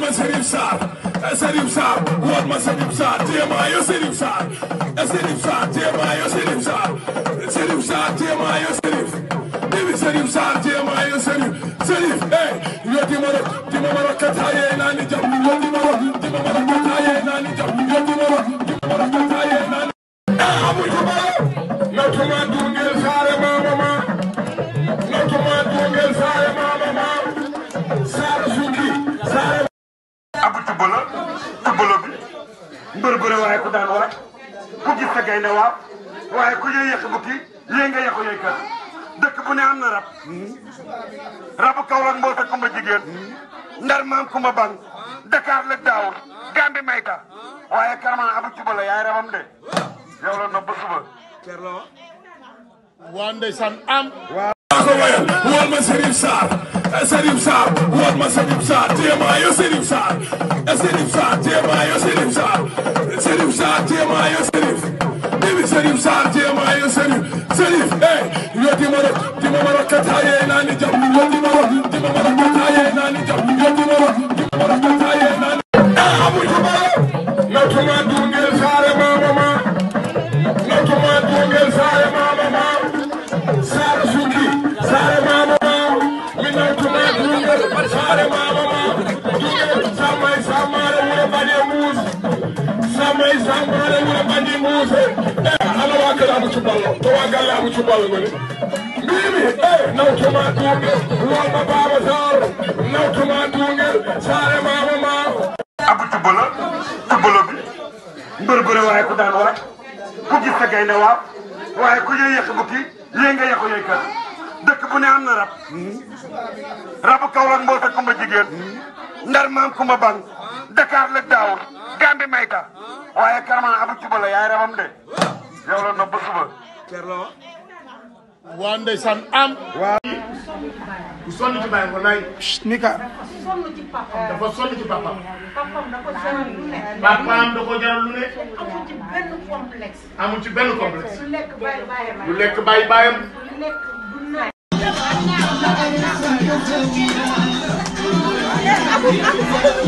woon ma Serif Sarr eh, Serif Sarr woon ma Serif Sarr téema eh, yo Serif Sarr Serif Sarr téema yo Serif Sarr Serif Sarr téema yo Serif ëbbalo bi mbër bëre waaye ku daan waat ku gis sa gaynde waat waaye ku yëy bukki yéy nga yëqu yëy bu ne am na rab rabu Kaolack mboo sa kumba jigéen ndar maam kumba bang Dakar la daawul Gambi mayta waaye karman abu cuba la yaay rabam de yow la nopp ba suba waa ndeysaan am maa ko wayal woon ma Serif Sarr Serif Sarr woon ma Serif Sarr téemaa yo Serif Sarr Serif Sarr téemaa yo Serif Sarr Serif Sarr téemaa yo Serif débi Serif Sarr téemaa yo Serif Serif eh yo di ma rok di ma ma rok kataaye naa ni jam yo di ma rok di ma ma rok kataaye naa ni jam yo di ma rok di ma ma rok kataaye naa ni jam abu jaba na tuma dungel saare mama sambare wuro ɓanndi muuse e ala wa kalamu cuballo to wa gallamu cuballo goni mbimi e nawtuma duungel lolma baba saro nawtuma duungel saare mama maaro abu cubbalo cubbalo bi mbër bëre waaye ku daan waat ku gis sa gaynde waaw waaye ku yëy yàq bukki yée nga yàqu yëy kat dëkk bu ne am na rab rabu Kaolack mboo sa kumba jigéen ndar maam kumba bang Dakar la daawul Gambi mayta waaye Karama abu suba la yaay rabam de yow la nopp suba. Thierno. waa ndeysaan am. waaw. bu sonn ci bàyyi ko naay. nika. dafa sonn ci papaam. papaam da ko jaral lu ne. papaam da ko jaral lu ne. amu ci benn complexe. amu ci benn complexe. lu lekk bàyyi bàyyam. lu lekk bàyyi bàyyam. lu lekk du naay.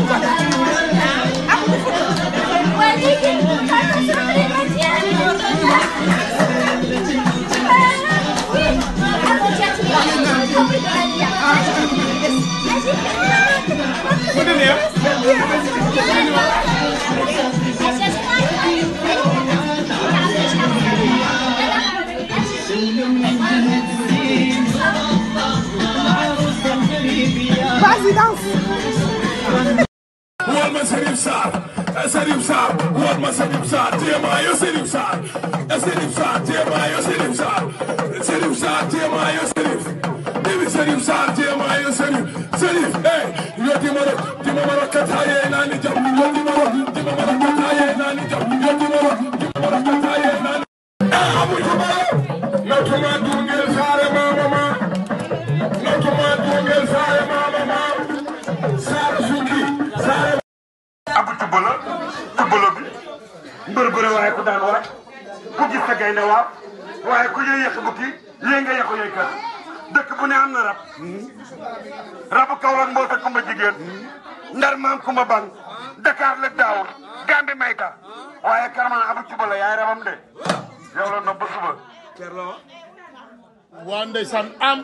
Vas-y, danse. Wool ma Serif Sarr Serif Sarr wool ma Serif Sarr téema yo Serif Sarr Serif Sarr téema yo Serif Sarr tuungel saare maama ma notumaa tuungel bi mbër bëre ku daan waat ku gis sa gaynde waaw waaye ku yëy yëq bukki yée nga yëqu bu ne am na rab rabu Kaolack mboota kumba jigéen ndar maam kumba bang Dakar la daawul Gambi mayta waaye karman abu cuba la yaay rabam de yow la nopp suba waa ndeysaan am